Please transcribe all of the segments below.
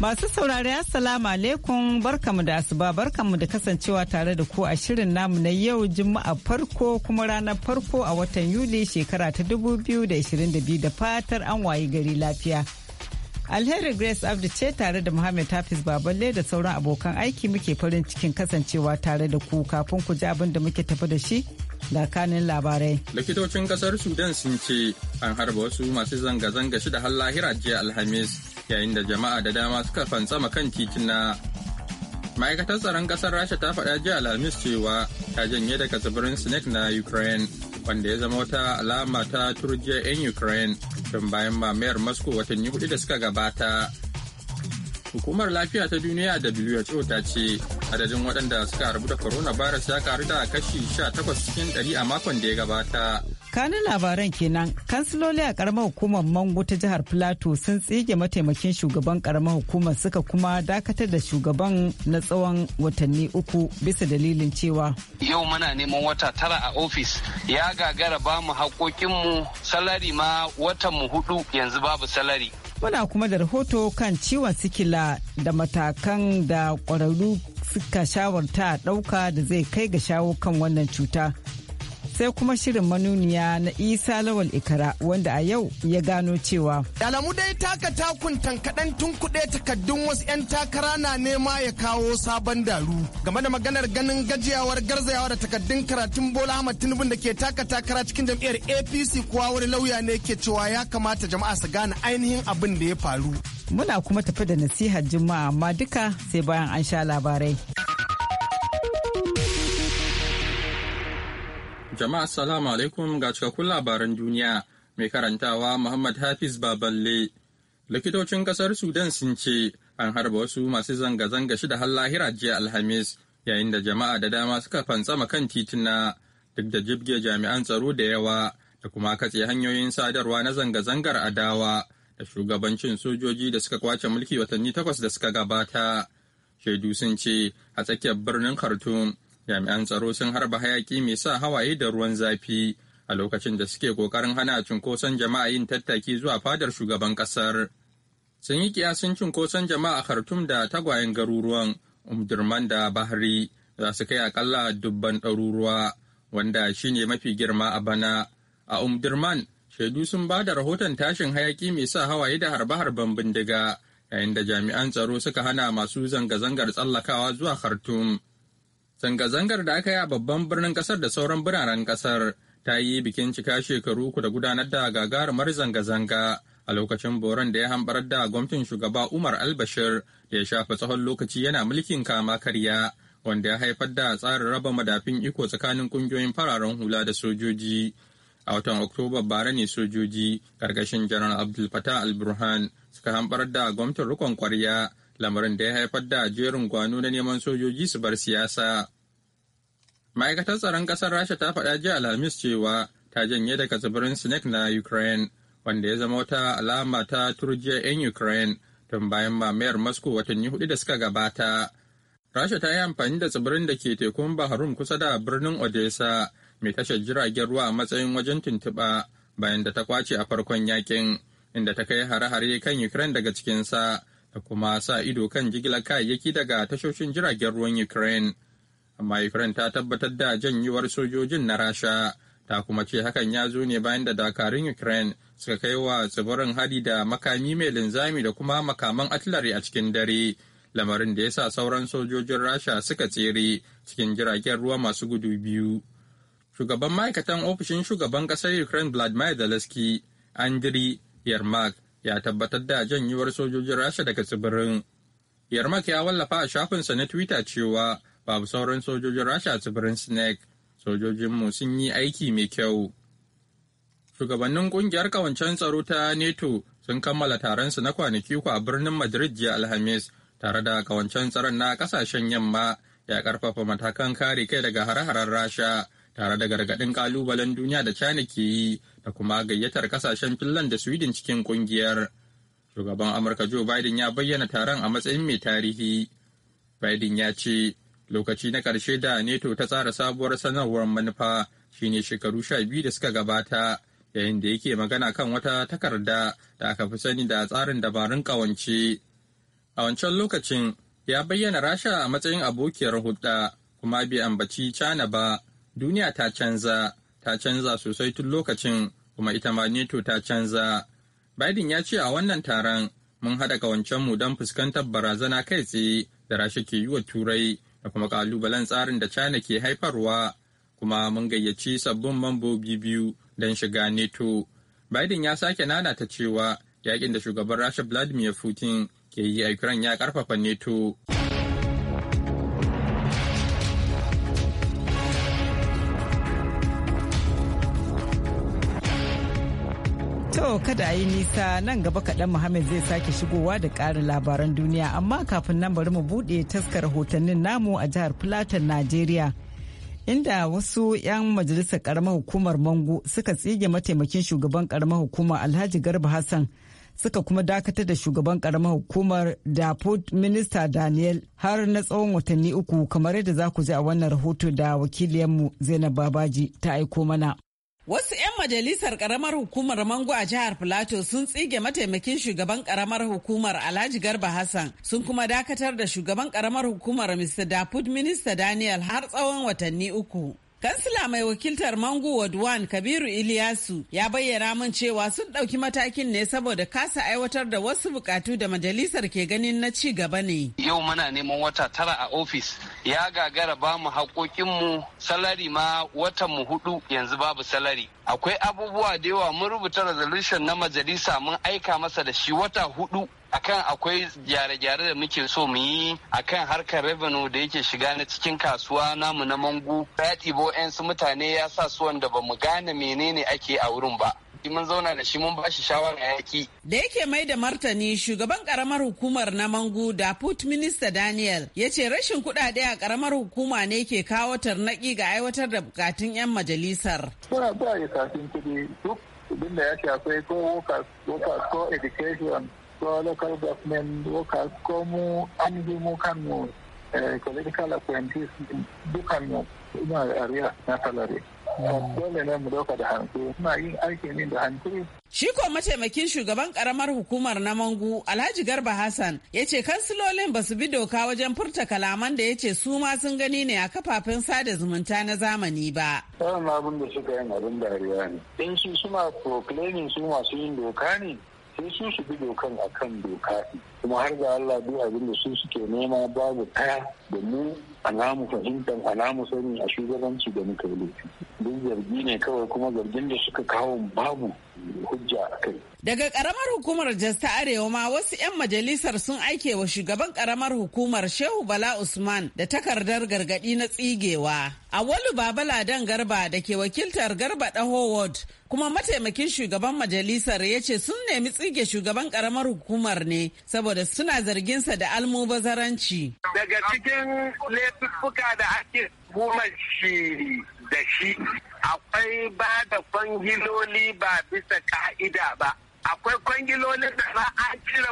Masu saurari Assalamu alaikum barkamu da asuba barkamu da kasancewa tare da ku a shirin namu na yau Juma'a farko kuma ranar farko a watan Yuli shekara ta 2022 da fatar an wayi gari lafiya. Alheri Grace Abdu ce tare da Muhammad tafis Baballe da sauran abokan aiki muke farin cikin kasancewa tare da ku kafin ku ji abin da muke tafi da shi ga kanin labarai. Likitocin kasar Sudan sun ce an harba wasu masu zanga-zanga shida har lahira jiya Alhamis yayin da jama'a da dama suka fantsama kan titina. Ma'aikatar tsaron kasar Rasha ta faɗa jiya Alhamis cewa ta janye daga tsibirin Snake na Ukraine, wanda ya zama wata alama ta turjiya 'yan Ukraine tun bayan mamayar Moscow watanni hudu da suka gabata. Hukumar lafiya ta duniya WHO ta ce adadin waɗanda suka harbu da coronavirus ya karu da kashi 18 cikin 100 a makon da ya gabata. tsakanin labaran kenan kansiloli a karamar hukumar mango ta jihar plateau sun tsige mataimakin shugaban karamar hukumar suka kuma dakatar da shugaban na tsawon watanni uku bisa dalilin cewa yau muna neman wata tara a ofis ya gagara ba mu haƙoƙinmu salari ma watan mu hudu yanzu babu salari Muna kuma da rahoto kan ciwon sikila da matakan da ƙwararru suka shawarta a ɗauka da zai kai ga shawo kan wannan cuta. sai kuma shirin manuniya na isa lawal ikara wanda a yau ya gano cewa alamu dai taka takun tankaɗen tun kuɗe takaddun wasu 'yan takara na nema ya kawo sabon daru game da maganar ganin gajiyawar garzayawa da takaddun karatun bola ahmad tinubu da ke taka takara cikin jam'iyyar apc kuwa wani lauya ne ke cewa ya kamata jama'a su gane ainihin abin da ya faru muna kuma tafi da nasihar juma'a amma duka sai bayan an sha labarai Jama'a assalamu alaikum ga cikakkun labaran duniya mai karantawa Muhammad Hafiz Baballe. Likitocin kasar Sudan sun ce an harba wasu masu zanga-zanga shida har lahira jiya Alhamis yayin da jama'a da dama suka fantsama kan titina, duk da jibge jami'an tsaro da yawa da kuma katse hanyoyin sadarwa na zanga-zangar adawa da shugabancin sojoji da suka kwace mulki watanni takwas da suka gabata. Shaidu sun ce a tsakiyar birnin Khartoum jami'an tsaro sun harba hayaki mai sa hawaye da ruwan zafi a lokacin da suke kokarin hana cunkoson jama'a yin tattaki zuwa fadar shugaban kasar sun yi kiyasin cunkoson jama'a khartum da tagwayen garuruwan umdurman da bahri za su kai akalla dubban ɗaruruwa wanda shine mafi girma a bana a umdurman shaidu sun ba da rahoton tashin hayaki mai sa hawaye da harbe-harben bindiga yayin da jami'an tsaro suka hana masu zanga-zangar tsallakawa zuwa khartum Zanga-zangar da aka yi a babban birnin kasar da sauran biranen kasar ta yi bikin cika shekaru uku da gudanar da gagarumar zanga-zanga a lokacin boron da ya hambarar da gwamnatin shugaba Umar Albashir da ya shafa tsawon lokaci yana mulkin kama karya wanda ya haifar da tsarin raba madafin iko tsakanin kungiyoyin fararen hula da sojoji. A watan Oktoba bara ne sojoji karkashin Janar abdulfatah alburhan al-Burhan suka hambarar da gwamnatin rikon kwarya lamarin da ya haifar da jerin gwano na neman sojoji su bar siyasa. Ma'aikatar tsaron ƙasar Rasha ta faɗa jiya Alhamis cewa ta janye daga tsibirin Snake na Ukraine, wanda ya zama wata alama ta turjiya 'yan Ukraine tun bayan mamayar Moscow watanni hudu da suka gabata. Rasha ta yi amfani da tsibirin da ke tekun Baharum kusa da birnin Odessa mai tashar jiragen ruwa a matsayin wajen tuntuɓa bayan da ta kwace a farkon yakin, inda ta kai hare-hare kan Ukraine daga cikinsa. da kuma sa ido kan jigilar kayayyaki daga tashoshin jiragen ruwan Ukraine. Amma Ukraine ta tabbatar da janyuwar sojojin na Rasha, ta kuma ce hakan ya zo ne bayan da dakarun Ukraine suka kai wa tsibirin hadi da makami mai linzami da kuma makaman atilari a cikin dare, lamarin da ya sa sauran sojojin Rasha suka tsere cikin jiragen ruwa masu gudu biyu. Shugaban ma'aikatan ofishin shugaban ƙasar Ukraine Vladimir Zelensky, Andriy Yermak, ya tabbatar da janyuwar sojojin rasha daga tsibirin yarmak ya wallafa a shafinsa na twitter cewa babu sauran sojojin rasha a tsibirin snake sojojinmu sun yi aiki mai kyau shugabannin kungiyar kawancen tsaro ta neto sun kammala taron su na kwanaki uku a birnin madrid jiya alhamis tare da kawancen tsaron na kasashen yamma ya karfafa matakan kare kai daga hare-haren rasha tare da gargaɗin ƙalubalen duniya da China ke yi da kuma gayyatar kasashen Finland da Sweden cikin ƙungiyar. Shugaban Amurka Joe Biden ya bayyana taron a matsayin mai tarihi. Biden ya ce lokaci na ƙarshe da NATO ta tsara sabuwar sanarwar manufa shine shekaru sha biyu da suka gabata yayin da yake magana kan wata takarda da aka fi sani da tsarin dabarun ƙawance. A wancan lokacin ya bayyana Rasha a matsayin abokiyar hulɗa kuma bai ambaci China ba. duniya ta canza ta canza sosai tun lokacin kuma ita ma neto ta canza biden ya ce a wannan taron mun haɗa mu don fuskantar barazana kai tsaye da rasha ke yi wa turai da kuma ƙalubalen tsarin da china ke haifarwa kuma mun gayyaci sabbin mambobi biyu don shiga neto biden ya sake nanata cewa yakin da shugaban rasha vladimir putin ke yi a ukraine ya karfafa neto To kada a yi nisa nan gaba kaɗan Muhammad zai sake shigowa da ƙarin labaran duniya amma kafin nan bari mu buɗe taskar rahotannin namu a jihar Filatan Najeriya. Inda wasu 'yan majalisar ƙaramar hukumar Mango suka tsige mataimakin shugaban ƙaramar hukumar Alhaji Garba Hassan suka kuma dakatar da shugaban ƙaramar hukumar da minister Daniel har na tsawon watanni uku kamar yadda za ku ji a wannan rahoto da wakiliyanmu Zainab Babaji ta aiko mana. Wasu 'yan majalisar karamar hukumar Mango a jihar Filato sun tsige mataimakin shugaban karamar hukumar Alhaji Garba Hassan sun kuma dakatar da shugaban karamar hukumar Mr. Daput Minista Daniel har tsawon watanni uku. Kansila mai wakiltar Mangu Ward Kabiru Iliyasu ya bayyana min cewa sun ɗauki matakin ne saboda kasa aiwatar da wasu bukatu da majalisar ke ganin na ci gaba ne. Yau muna neman wata tara a ofis ya gagara ba mu haƙoƙinmu salari ma watan mu hudu yanzu babu salari. akwai abubuwa da yawa mun rubuta resolution na majalisa mun aika masa da shi wata hudu akan akwai gyare-gyare da muke so mu yi akan harkar revenue da yake shiga na cikin kasuwa namu na mangu ya ɗibo 'yan su mutane ya sa su wanda ba mu gane menene ake a wurin ba mun zauna da shi mun ba shi shawara yaki. Da yake mai da martani shugaban karamar hukumar na Mangu da put minista Daniel ya ce rashin kuɗaɗe a karamar hukuma ne ke kawo tarnaƙi ga aiwatar da bukatun 'yan majalisar. Suna zuwa kafin kuɗi duk abin da ya shafi ko workers ko education ko local government workers ko mu an mu mu eh, political appointees ariya na dole ne mu dauka da hantu muna yin aiki ne da hankali Shi ko mataimakin shugaban karamar hukumar na Mangu Alhaji Garba Hassan ya ce kansilolin ba su bi doka wajen furta kalaman da ya ce su ma sun gani ne a kafafen sada zumunta na zamani ba. Tsarin abin da suka yin abin dariya ne. In su suna proclaiming su masu yin doka ne sai su su bi dokan akan doka kuma har ga Allah duk abin da su suke nema babu kaya da mu a namu fahimtar a namu sani a shugabanci da muka yi duk zargi ne kawai kuma zargin da suka kawo babu hujja a kai. Daga karamar hukumar Jasta ta Arewa ma wasu 'yan majalisar sun aike wa shugaban karamar hukumar Shehu Bala Usman da takardar gargadi na tsigewa. Awalu Babaladan Garba da ke wakiltar Garba Daho Ward kuma mataimakin shugaban majalisar ya ce sun nemi tsige shugaban karamar hukumar ne saboda suna zarginsa da almubazaranci. Daga cikin laifuka da ake hukumar shi da shi akwai ba da kwangiloli ba bisa ka'ida ba akwai kwangilolin da ba a cire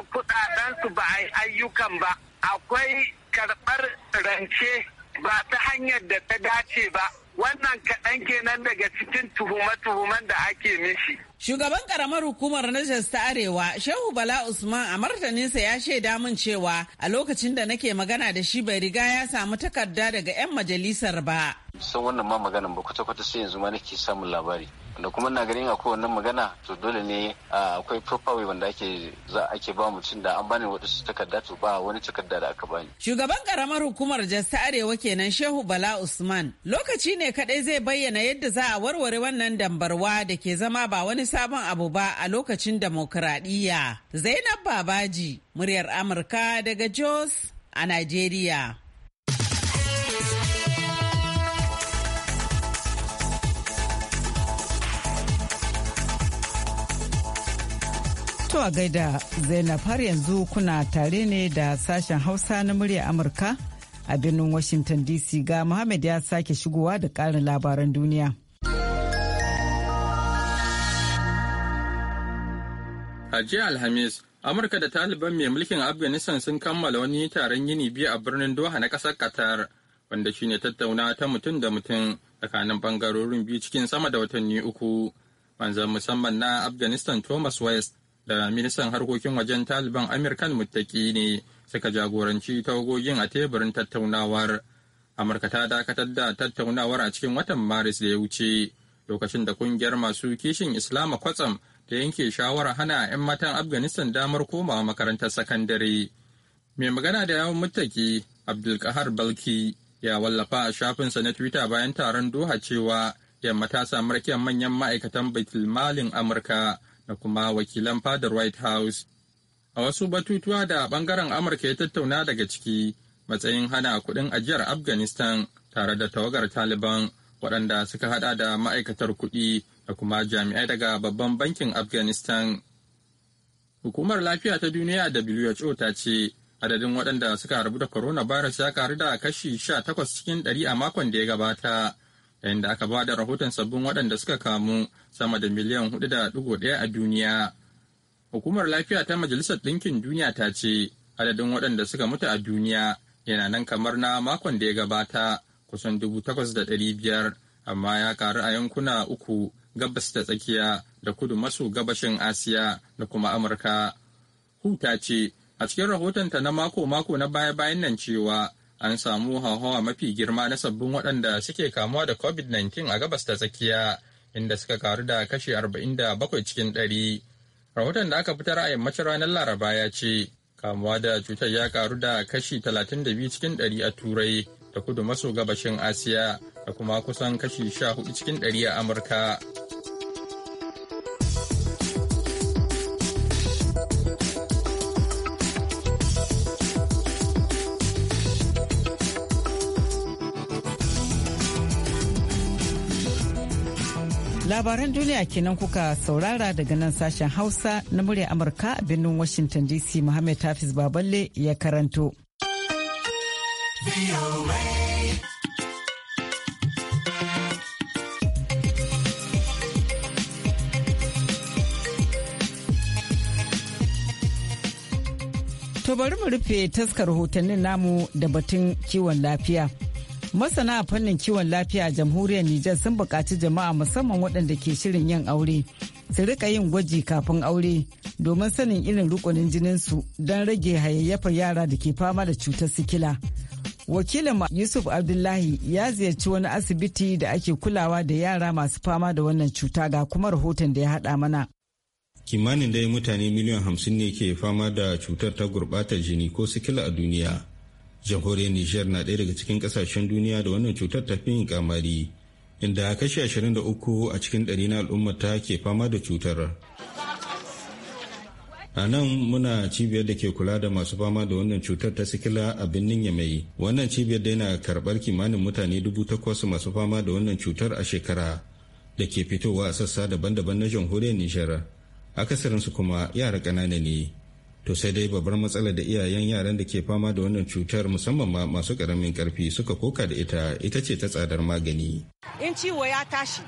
su ba a yi ayyukan ba akwai karɓar rance ba ta hanyar da ta dace ba wannan kaɗan kenan daga cikin tuhume-tuhumen da ake mishi. Shugaban karamar hukumar Najas ta Arewa, Shehu Bala Usman a martaninsa ya shaida min cewa a lokacin da nake magana da shi bai riga ya samu takarda daga 'yan majalisar ba. Sun wannan ma maganan ba kwata-kwata sai yanzu ma nake samun labari. da kuma na ganin akwai wannan magana to dole ne akwai proper way wanda ake za ake ba mutum da an bani wadansu takarda to ba wani takarda da aka bani shugaban karamar hukumar jasta arewa kenan shehu bala usman lokaci ne kadai zai bayyana yadda za a warware wannan dambarwa da ke zama ba wani sabon abu ba a lokacin demokradiyya zainab babaji muryar amurka daga jos a najeriya To a gaida Zainab har yanzu kuna tare ne da sashen Hausa na murya Amurka a birnin Washington DC ga Muhammad ya sake shigowa da ƙarin labaran duniya. A jiya Alhamis, Amurka da Taliban mai mulkin Afghanistan sun kammala wani taron yini biyu a birnin Doha na ƙasar Qatar, wanda shine tattauna ta mutum da mutum tsakanin bangarorin biyu cikin sama da watanni uku. Manzan musamman na Afghanistan Thomas West da ministan harkokin wajen taliban amirkan muttaki ne suka jagoranci tawagogin a teburin tattaunawar amurka ta dakatar da tattaunawar a cikin watan maris da ya wuce lokacin da kungiyar masu kishin islama kwatsam ta yanke shawara hana 'yan matan afghanistan damar komawa makarantar sakandare mai magana da yawon muttaki abdulkahar balki ya wallafa a shafinsa na twitter bayan taron doha cewa yamma ta samu rakiyar manyan ma'aikatan baitulmalin amurka da kuma wakilan fadar White House. A wasu batutuwa da bangaren Amurka ya tattauna daga ciki matsayin hana kuɗin ajiyar Afghanistan tare da tawagar Taliban waɗanda suka hada da ma'aikatar kuɗi da kuma jami'ai daga babban bankin Afghanistan. Hukumar lafiya ta duniya WHO ta ce adadin waɗanda suka harbu da coronavirus ya karu da kashi 18 cikin 100 a makon da ya gabata. yayin da aka ba da rahoton sabbin waɗanda suka kamu sama da miliyan 4.1 a duniya. Hukumar lafiya ta Majalisar Ɗinkin Duniya ta ce adadin waɗanda suka mutu a duniya yana nan kamar na makon da ya gabata kusan dubu takwas da ɗari biyar amma ya karu a yankuna uku gabas da tsakiya da kudu maso gabashin Asiya da kuma Amurka. Hu ta ce a cikin rahotonta na mako-mako na baya-bayan nan cewa an samu hauhawa mafi girma na sabbin waɗanda suke kamuwa da covid-19 a gabas ta tsakiya inda suka karu da kashi 47 cikin ɗari. rahoton da aka fitar a yammacin ranar laraba ya ce kamuwa da cutar ya karu da kashi 32 cikin ɗari a turai da kudu maso gabashin asiya da kuma kusan kashi 14 cikin ɗari a amurka Labaran duniya kenan kuka saurara daga nan sashen Hausa na murya Amurka a birnin Washington DC Muhammad Hafiz Baballe ya karanto. To bari mu rufe taskar hotannin namu da batun kiwon lafiya. Masana a fannin kiwon lafiya a jamhuriyar Nijar sun bukaci jama'a musamman waɗanda ke shirin yin aure su rika yin gwaji kafin aure domin sanin irin rukunin jininsu don rage hayayyafar yara da ke fama da cutar sikila. Wakilin Yusuf Abdullahi ya ziyarci wani asibiti da ake kulawa da yara masu fama da wannan cuta ga kuma rahoton da ya haɗa mana. Kimanin dai mutane miliyan hamsin ne ke fama da cutar ta gurɓatar jini ko sikila a duniya. jamhuriyar niger na ɗaya daga cikin ƙasashen duniya da wannan cutar ta fi yin kamari inda kashi 23 a cikin ɗari na al'ummata ke fama da cutar a nan muna cibiyar da ke kula da masu fama da wannan cutar ta sikila a birnin yamai wannan cibiyar da yana karɓar kimanin mutane dubu takwas masu fama da wannan cutar a shekara da ke fitowa a sassa daban-daban na jamhuriyar nijar akasarinsu kuma yara ƙanana ne to sai dai babbar matsalar da iyayen yaran da ke fama da wannan cutar musamman ma masu karamin karfi suka koka da ita ita ce ta tsadar magani in ciwo ya tashi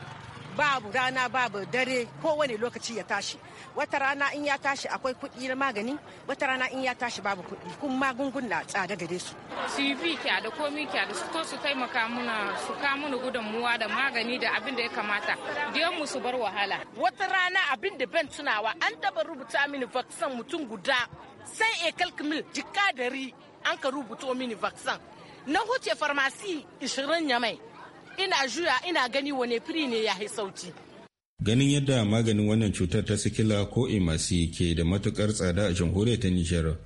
babu rana babu dare kowane lokaci ya tashi wata rana in ya tashi akwai kuɗi na magani wata rana in ya tashi babu kuɗi kun na tsada gare su su kya da komi kya da su to su taimaka muna su ka muna muwa da magani da abin da ya kamata diyan mu su bar wahala wata rana abin da ban tunawa an taba rubuta mini vaccine mutum guda sai a jika dari an ka rubuto mini vaccine na huce farmasi 20 ya mai ina juya ina gani wane firi ne ya sauti. Ganin yadda maganin wannan cutar ta sikila ko emasi ke da matukar tsada a jamhuriyar ta Nijar,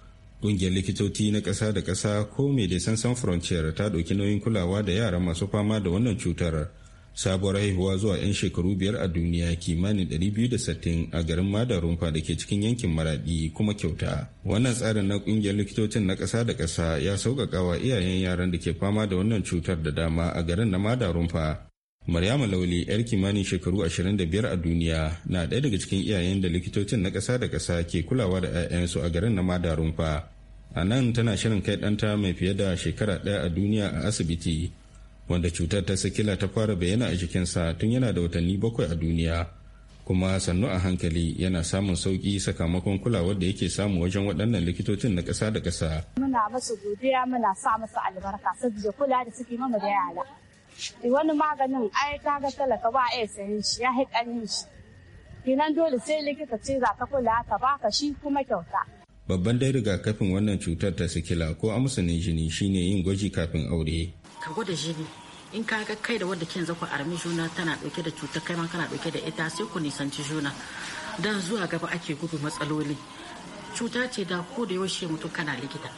ƙungiyar likitoci na ƙasa da ƙasa ko mai sansan Frontier ta ɗauki nauyin kulawa da yara masu fama da wannan cutar. sabuwar haihuwa zuwa 'yan shekaru biyar a duniya kimanin 260 a garin mada rumfa da ke cikin yankin maradi kuma kyauta wannan tsarin na kungiyar likitocin na ƙasa da ƙasa ya sauƙaƙa wa iyayen yaran da ke fama da wannan cutar da dama a garin na mada rumfa maryama lauli yar kimanin shekaru 25 a duniya na ɗaya daga cikin iyayen da likitocin na ƙasa da ƙasa ke kulawa da 'ya'yansu a garin na mada rumfa a nan tana shirin kai ɗanta mai fiye da shekara ɗaya a duniya a asibiti wanda cutar ta sikila ta fara bayyana a jikinsa tun yana da watanni bakwai a duniya kuma sannu a hankali yana samun sauki sakamakon kulawar da yake samu wajen waɗannan likitocin na ƙasa da ƙasa. Muna masu godiya muna sa masu albarka saboda kula da suke mama da yara. Eh, wani maganin ai ta ga talaka ba a sayan shi ya haƙarin shi. Kinan dole sai likita ce za ta kula ta baka shi kuma kyauta. babban dai rigakafin wannan cutar ta sikila ko amsa ne jini shine yin gwaji kafin aure ka gwada jini in ka ga kai da wanda kin zaku armi juna tana dauke da cutar kai ma kana dauke da ita sai ku nisanci juna dan zuwa gaba ake gudu matsaloli cuta ce da ko da yaushe mutum kana likita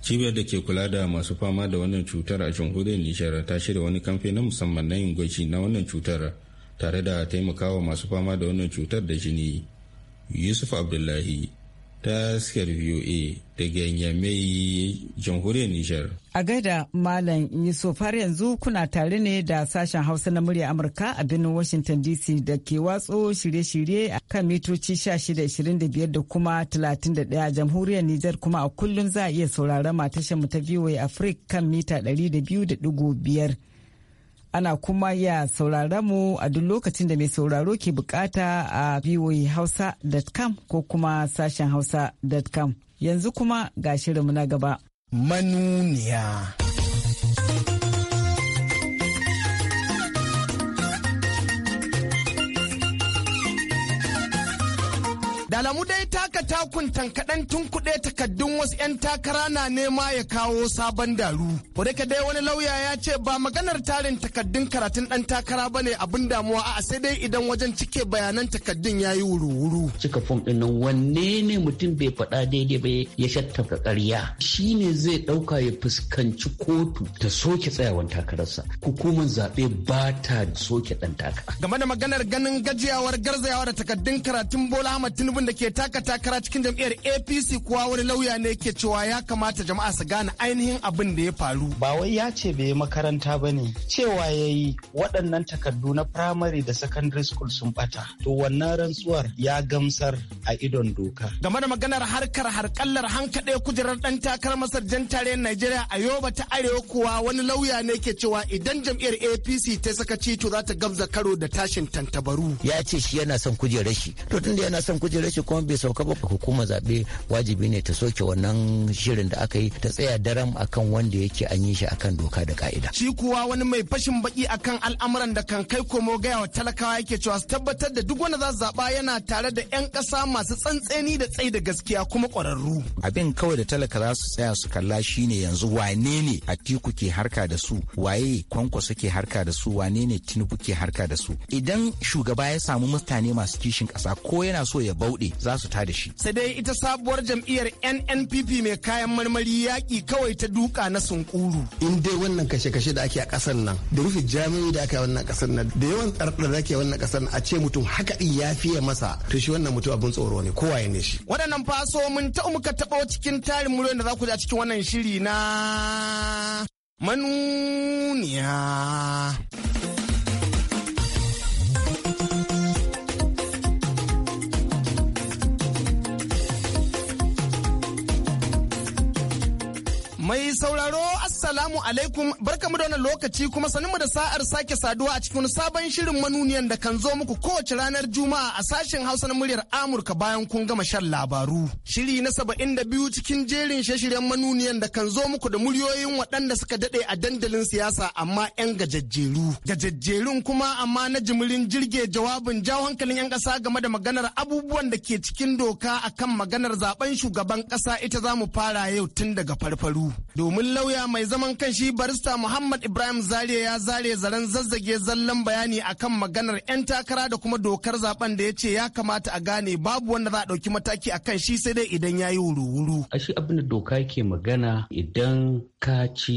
cibiyar da ke kula da masu fama da wannan cutar a jamhuriyar nijar ta shirya wani kamfe na musamman na yin gwaji na wannan cutar tare da taimakawa masu fama da wannan cutar da jini yusuf abdullahi ta askar VOA daga Yamai jamhuriyar Nijar. A gaida Malam Yusuf har yanzu kuna tare ne da sashen Hausa na murya Amurka a birnin Washington DC da ke watso shirye-shirye a kan mitoci 1625 da kuma 31 jamhuriyar Nijar kuma a kullum za a iya sauraron matashin mu ta VOA Africa kan mita 200.5. ana kuma ya saurara mu a duk lokacin da mai sauraro ke bukata a voahausa.com ko kuma sashen hausa.com yanzu kuma ga shirinmu na gaba manuniya Da alamu dai taka takun kaɗan tun kuɗe takaddun wasu 'yan takara na nema ya kawo sabon daru. Kodaka dai wani lauya ya ce ba maganar tarin takaddun karatun ɗan takara ba ne abin damuwa a sai dai idan wajen cike bayanan takaddun ya yi wuru-wuru. Cika fom ɗin nan wanne ne mutum bai faɗa daidai ba ya shattaka ƙarya. Shi ne zai ɗauka ya fuskanci kotu ta soke tsayawan takararsa. Hukumar zaɓe ba ta soke ɗan takara. Game da maganar ganin gajiyawar garzayawa da takaddun karatun Bola Ahmad Tinubu da ke taka takara cikin jam'iyyar apc kuwa wani lauya ne ke cewa ya kamata jama'a su gane ainihin abin da ya faru ba wai ya ce bai yi makaranta ba ne cewa ya yi waɗannan takardu na primary da secondary school sun bata to wannan rantsuwar ya gamsar a idon doka game da maganar harkar harkallar hankaɗe kujerar ɗan takarar masar jan tarayyar najeriya a yoba ta arewa kuwa wani lauya ne ke cewa idan jam'iyyar apc ta sakaci to za ta gamza karo da tashin tantabaru ya ce shi yana son kujerar shi to tunda yana son kujerar shi kuma bai sauka ba hukuma zaɓe wajibi ne ta soke wannan shirin da aka yi ta tsaya daram akan wanda yake an yi shi akan doka da ka'ida. Shi kuwa wani mai fashin baki akan al'amuran da kan kai komo gaya wa talakawa yake cewa su tabbatar da duk wanda za su zaɓa yana tare da 'yan ƙasa masu tsantseni da tsayi da gaskiya kuma ƙwararru. Abin kawai da talaka za su tsaya su kalla shine yanzu wane ne Atiku ke harka da su waye kwankwa ke harka da su wane ne Tinubu ke harka da su. Idan shugaba ya samu mutane masu kishin kasa ko yana so ya bauɗe buɗe za su da shi sai dai ita sabuwar jam'iyyar nnpp mai kayan marmari yaƙi kawai ta duka na sunkuru in dai wannan kashe-kashe da ake a ƙasar nan da rufe jami'o'i da aka yi wannan ƙasar nan da yawan tsarɗar da ake wannan ƙasar nan a ce mutum haka ɗin ya fiye masa to shi wannan mutum abin tsoro ne kowa ya ne shi waɗannan faso mun ta muka taɓa cikin tarin muryoyin da za ku ji a cikin wannan shiri na manuniya Mai sauraro Assalamu alaikum barkamu da wannan lokaci kuma sanin da sa'ar sake saduwa a cikin sabon shirin manuniyan da kan zo muku kowace ranar Juma'a a sashen Hausa na muryar Amurka bayan kun gama shan labaru. Shiri na saba'in da biyu cikin jerin shirin manuniyan da kan zo muku da muryoyin waɗanda suka daɗe a dandalin siyasa amma 'yan gajajjeru. Gajajjerun kuma amma na jimirin jirge jawabin jawo hankalin 'yan ƙasa game da maganar abubuwan da ke cikin doka a kan maganar zaben shugaban ƙasa ita za mu fara yau tun daga farfaru. Domin lauya mai zama zaman shi barista Muhammad Ibrahim Zariya ya zare zaren zazzage zallan bayani akan maganar 'yan takara da kuma dokar zaben da ya ce ya kamata a gane babu wanda za a ɗauki mataki akan shi sai dai idan ya yi wuru-wuru. A shi abin da doka ke magana idan ka ci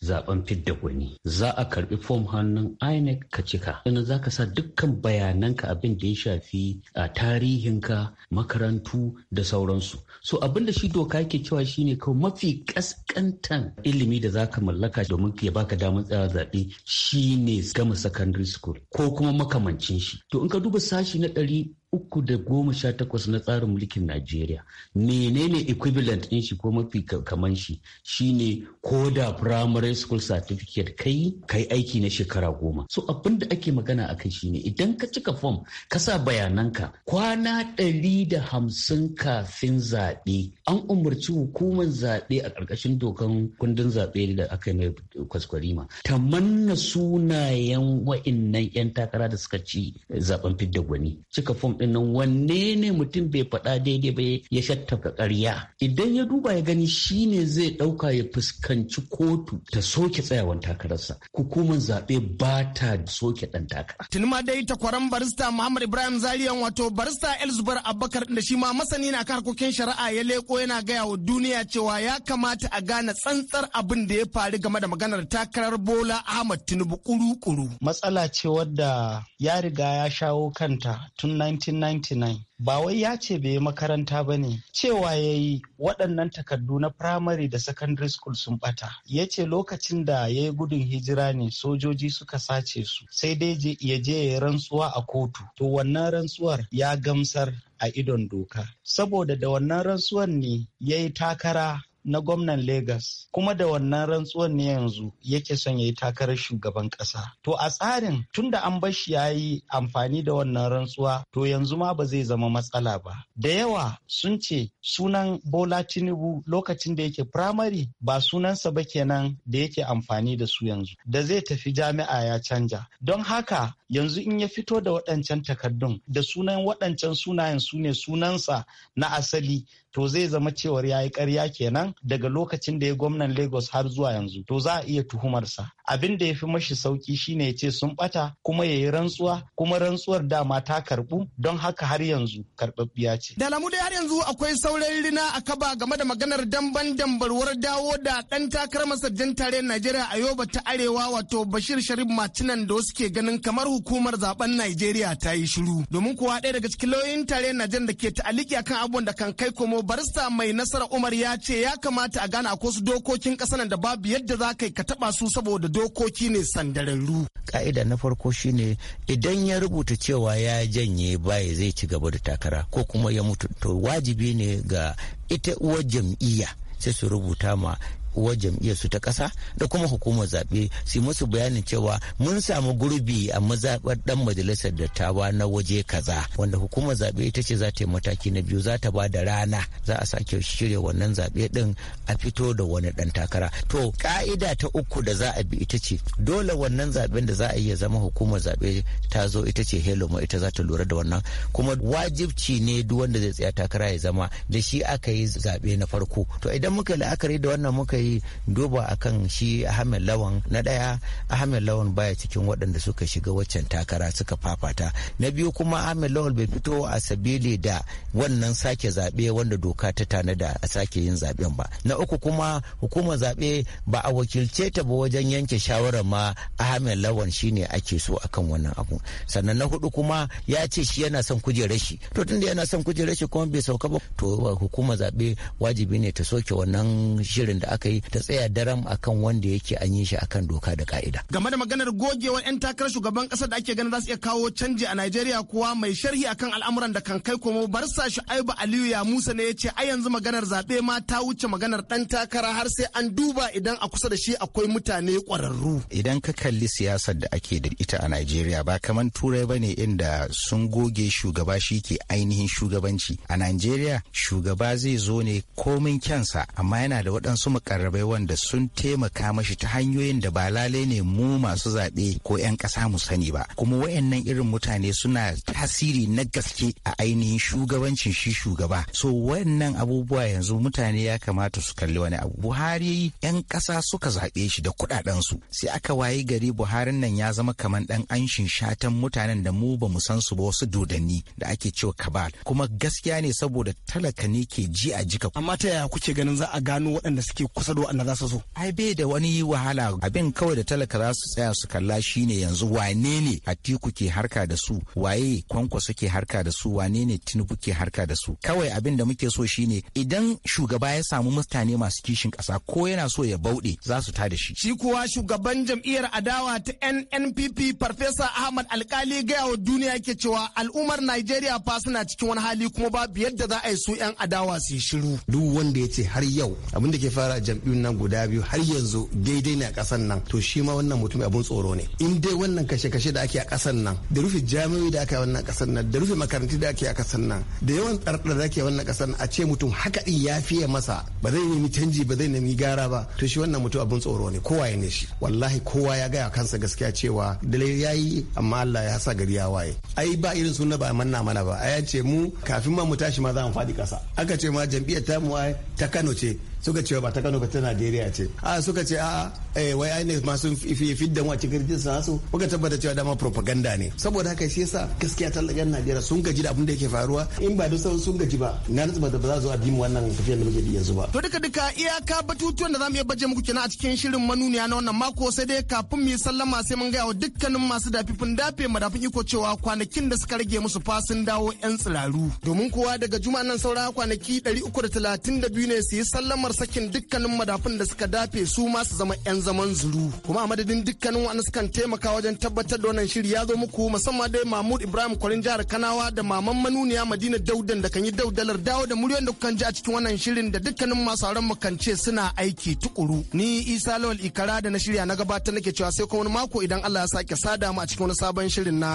zaben fidda gwani za a karbi fom hannun inec ka cika sannan za ka sa dukkan bayananka abin da ya shafi a tarihinka makarantu da sauransu so abin da shi doka yake cewa shine kawai mafi kaskantan ilimi da za ka mallaka domin ya baka damar tsaya zaɓe shine gama secondary school ko kuma makamancin shi to in ka duba sashi na ɗari uku da goma sha takwas na tsarin mulkin Najeriya. Menene equivalent din shi ko mafi kaman shi shine ko da primary school certificate kai kai aiki na shekara goma. So abin da ake magana a kai shine idan ka cika form ka sa bayananka kwana ɗari da hamsin kafin zaɓe an umarci hukumar zaɓe a ƙarƙashin dokan kundin zaɓe da aka yi mai kwaskwarima. Ta manna sunayen wa'innan 'yan takara da suka ci zaɓen fidda gwani. Cika form ɗinnan wanne ne mutum bai faɗa daidai ba ya shattaka ƙarya idan ya duba ya gani shine zai ɗauka ya fuskanci kotu ta soke tsayawan takararsa hukumar zaɓe ba ta soke ɗan takara. Tilma dai takwaran barista Muhammad Ibrahim Zariyan wato barista Elzubar Abubakar da shi ma masani na harkokin shari'a ya leko yana gaya wa duniya cewa ya kamata a gane tsantsar abin da ya faru game da maganar takarar Bola Ahmad Tinubu kuru-kuru. Matsala ce wadda ya riga ya shawo kanta tun 1999 ba wai ya ce bai yi makaranta ba ne cewa ya yi waɗannan takardu na primary da secondary school sun bata ya ce lokacin da ya yi gudun hijira ne sojoji suka sace su sai dai ya je ya rantsuwa a kotu to wannan rantsuwar ya gamsar a idon doka saboda da wannan rantsuwar ne ya yi takara na gwamnan Legas kuma da wannan rantsuwan ne yanzu yake son ya yi takarar shugaban ƙasa. To a tsarin tunda an bashi ya yi amfani da wannan rantsuwa to yanzu ma ba zai zama matsala ba. Da yawa sun ce sunan Bola Tinubu lokacin da yake firamare ba sunansa ba kenan da yake amfani da su yanzu. Da zai tafi jami'a ya canja. Don haka yanzu in ya fito da waɗancan takardun da sunan waɗancan sunayen su ne sunansa na asali to zai zama cewar ya yi karya kenan daga lokacin da ya gwamnan lagos har zuwa yanzu to za a iya tuhumarsa abin da ya fi mashi sauki shine ya ce sun bata kuma ya yi rantsuwa kuma rantsuwar dama ta karɓu don haka har yanzu karbabbiya ce da lamu dai har yanzu akwai sauran rina a kaba game da maganar damban dambarwar dawo da ɗan takarar masarjan tare najeriya a yoba ta arewa wato bashir sharif matinan da wasu ke ganin kamar hukumar zaben Najeriya ta yi shiru. Domin kuwa ɗaya daga cikin lauyoyin tare na jan da ke ta'aliki akan abubuwan da kan kai komo barista mai nasara Umar ya ce ya kamata a gane akwai su dokokin ƙasar da babu yadda za ka yi ka taɓa su saboda dokoki ne sandararru. Ka'ida na farko shine idan ya rubuta cewa ya janye baya zai ci gaba da takara ko kuma ya mutu to wajibi ne ga ita uwar jam'iyya sai su rubuta ma uwar jam'iyyar su ta ƙasa da kuma hukumar zaɓe su musu bayanin cewa mun samu gurbi a mazaɓar ɗan majalisar dattawa na waje kaza wanda hukumar zaɓe ita ce za ta yi mataki na biyu za ta ba da rana za a sake shirya wannan zaɓe ɗin a fito da wani ɗan takara to ka'ida ta uku da za a bi ita ce dole wannan zaɓen da za a iya zama hukumar zaɓe ta zo ita ce helo ma ita za ta lura da wannan kuma wajibci ne duk wanda zai tsaya takara ya zama da shi aka yi zaɓe na farko to idan muka yi la'akari da wannan muka yi yi duba akan shi ahmed lawan na daya ahmed lawan baya cikin waɗanda suka shiga waccan takara suka fafata na biyu kuma ahmed lawan bai fito a sabili da wannan sake zaɓe wanda doka ta tanada a sake yin zaɓen ba na uku kuma hukumar zaɓe ba a wakilce ta ba wajen yanke shawarar ma ahmed lawan shine ake so akan wannan abu sannan na hudu kuma ya ce shi yana son kujerar shi to tunda yana son kujerar shi kuma bai sauka ba to hukumar zaɓe wajibi ne ta soke wannan shirin da aka yi ta tsaya daram akan wanda yake an yi shi akan doka da ka'ida. Game da maganar gogewar 'yan takarar shugaban ƙasar da ake ganin za su iya kawo canji a Najeriya kuwa mai sharhi akan al'amuran da kan kai komo barsa shi Aiba Aliyu ya Musa ne ya ce a yanzu maganar zaɓe ma ta wuce maganar ɗan takara har sai an duba idan a kusa da shi akwai mutane kwararru. Idan ka kalli siyasar da ake da ita a Najeriya ba kamar turai ba ne inda sun goge shugaba shi ke ainihin shugabanci. A Najeriya shugaba zai zo ne komin kyansa amma yana da waɗansu mukamai mukarrabai wanda sun taimaka mashi ta hanyoyin da ba lalai ne mu masu zaɓe ko 'yan ƙasa mu sani ba kuma wayannan irin mutane suna tasiri na gaske a ainihin shugabancin shi shugaba so wayannan abubuwa yanzu mutane ya kamata su kalli wani abu buhari 'yan ƙasa suka zaɓe shi da kuɗaɗen su sai aka wayi gari buharin nan ya zama kamar ɗan anshin shatan mutanen da mu ba mu san su ba wasu dodanni da ake cewa kabal kuma gaskiya ne saboda talaka ne ke ji a jika amma ta yaya kuke ganin za a gano waɗanda suke kusa kasa da za su so ai bai da wani wahala abin kawai da talaka za su tsaya su kalla shine yanzu wane ne Atiku ke harka da su waye Kwankwaso ke harka da su wane ne Tinubu ke harka da su kawai abin da muke so shine idan shugaba ya samu mutane masu kishin kasa ko yana so ya bauɗe za su tada shi shi kuwa shugaban jam'iyyar adawa ta NNPP Farfesa Ahmad Alkali gaya wa duniya yake cewa al'ummar Najeriya fa suna cikin wani hali kuma babu yadda za a yi su 'yan adawa su yi shiru duk wanda ya ce har yau abin da ke fara jam'iyyun nan guda biyu har yanzu daidai ne a kasan nan to shi ma wannan mutum abun tsoro ne in dai wannan kashe-kashe da ake a kasan nan da rufe jami'o'i da aka wannan kasan nan da rufe makarantu da ake a kasan nan da yawan tsarɗa da ake wannan kasan a ce mutum haka din ya fiye masa ba zai nemi canji ba zai nemi gara ba to shi wannan mutum abin tsoro ne kowa ne shi wallahi kowa ya gaya kansa gaskiya cewa dalilai ya yi amma Allah ya sa gari ya waye ai ba irin sunna ba manna mana ba a ce mu kafin ma mu tashi ma za mu faɗi ƙasa aka ce ma jam'iyyar tamu ta Kano ce suka ce ba ta Kano ba ta Najeriya ce a suka ce a eh wai INEC ma sun fidda wace a sa rijistar nasu muka tabbata cewa dama propaganda ne saboda haka shi yasa gaskiya talakan Najeriya sun gaji da abin da yake faruwa in ba da sun gaji ba na nutsu ba da ba za zo a bi wannan tafiyar da muke yi yanzu ba to duka duka iyaka batutuwan da zamu iya baje muku kenan a cikin shirin manuniya na wannan mako sai dai kafin mu yi sallama sai mun gaya wa dukkanin masu dafifin dafe madafin iko cewa kwanakin da suka rage musu fasin dawo yan tsiraru domin kowa daga juma'a nan saura kwanaki 332 ne su yi sallamar sakin dukkanin madafun da suka dafe su ma su zama 'yan zaman zuru kuma a madadin dukkanin wani sukan taimaka wajen tabbatar da wannan shiri ya zo muku musamman dai mahmud ibrahim kwarin jihar kanawa da maman manuniya madina daudan da kan yi daudalar dawo da muryoyin da kukan ji a cikin wannan shirin da dukkanin masu auren kan suna aiki tukuru ni isa lawal ikara da na shirya na gabatar nake cewa sai kuma wani mako idan allah ya sake sada mu a cikin wani sabon shirin na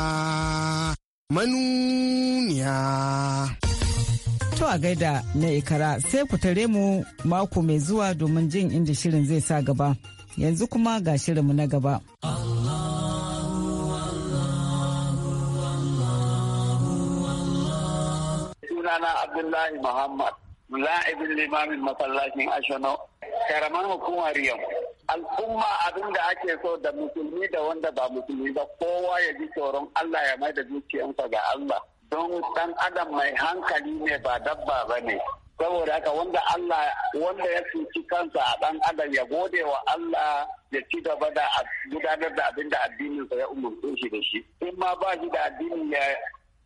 manuniya. To a gaida na ikara sai ku tare mu mako mai zuwa domin jin inda shirin zai sa gaba. Yanzu kuma ga shirinmu na gaba. Sunana Abdullahi Muhammad, la'ibin limamin masallacin Ashano, karaman hukumar yau. al'umma abin da ake so da musulmi da wanda ba musulmi ba kowa ya ji tsoron Allah ya mai da zuciyarsa ga Allah don dan adam mai hankali ne ba dabba ba ne saboda haka wanda Allah wanda ya cuci kansa a dan adam ya gode wa Allah ya ci gaba da gudanar da abin da addininsa ya umarce shi da shi in ma ba shi da addini ya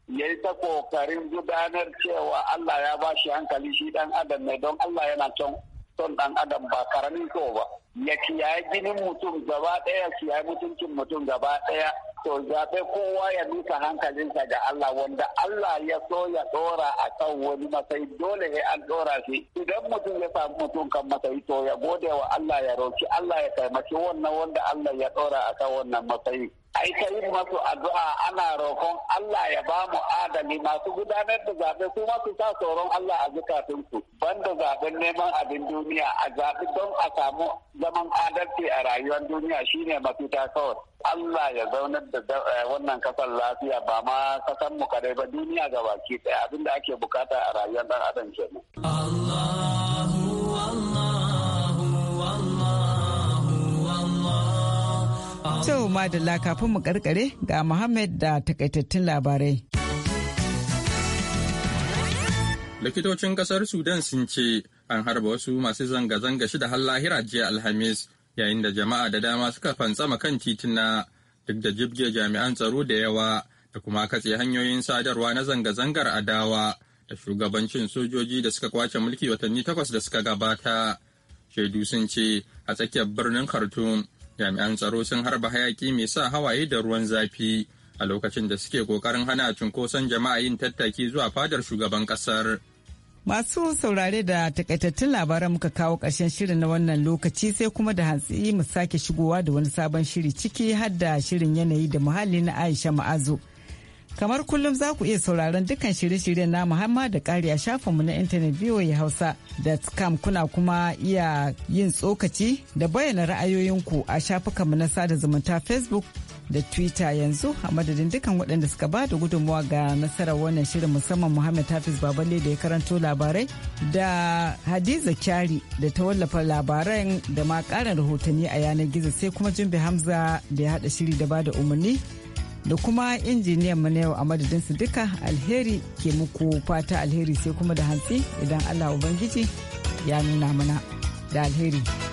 ya yi ta kokarin gudanar cewa Allah ya ba shi hankali shi dan adam ne don Allah yana son son ɗan adam ba karamin so ba ya kiyaye jinin mutum gaba ya kiyaye mutuncin mutum gaba ɗaya to zaɓe kowa ya nuka hankalinsa ga Allah wanda Allah ya so ya ɗora a kan wani matsayi dole ne an ɗora shi idan mutum ya samu mutum kan matsayi to ya gode wa Allah ya roki Allah ya taimaki wannan wanda Allah ya ɗora a kan wannan matsayi ai ta yi masu addu'a ana roƙon Allah ya ba mu adali masu gudanar da zaɓe su masu sa tsoron Allah a zukatunsu banda zaɓen neman abin duniya a zaɓi don a samu zaman adalci a rayuwar duniya shine mafita kawai Allah ya zaunar da eh, wannan kasar lafiya ba ma kasar mu kadai ba duniya ga baki ɗaya abinda ake bukata a rayuwar ɗan adam kenan. Allah da kafin mu karkare ga Muhammad da takaitattun labarai. Likitocin kasar Sudan sun ce an harba wasu masu zanga-zanga shida har lahira jiya Alhamis yayin da jama'a da dama suka fantsama kan titina duk da jibge jami'an tsaro da yawa da kuma katse hanyoyin sadarwa na zanga-zangar adawa da shugabancin sojoji da suka kwace mulki watanni takwas da suka gabata. Shaidu sun ce a tsakiyar birnin Khartoum jami'an tsaro sun harba hayaki mai sa hawaye da ruwan zafi a lokacin da suke kokarin hana cunkoson jama'a yin tattaki zuwa fadar shugaban kasar. Masu saurare da takaitattun labaran muka kawo ƙarshen shirin na wannan lokaci sai kuma da hantsi mu sake shigowa da wani sabon shiri ciki hadda shirin yanayi da muhalli na Aisha Ma'azu. Kamar kullum za ku iya sauraron dukkan shirye-shiryen namu har ma da ƙari a shafinmu na intanet VOA Hausa.com kuna kuma iya yin tsokaci da bayyana ra'ayoyinku a shafukanmu na sada zumunta Facebook da Twitter yanzu a madadin dukkan waɗanda suka ba da gudunmuwa ga nasarar wannan shirin musamman Muhammad Hafiz Baballe da ya karanto labarai da Hadiza Kyari da ta wallafa labaran da ma karin rahotanni a yanar gizo sai kuma Jumbe Hamza da ya haɗa shiri da ba da umarni. da kuma injiniyan mu na yau a madadin su duka alheri ke muku fata alheri sai kuma da hantsi idan allah ubangiji ya nuna mana da alheri.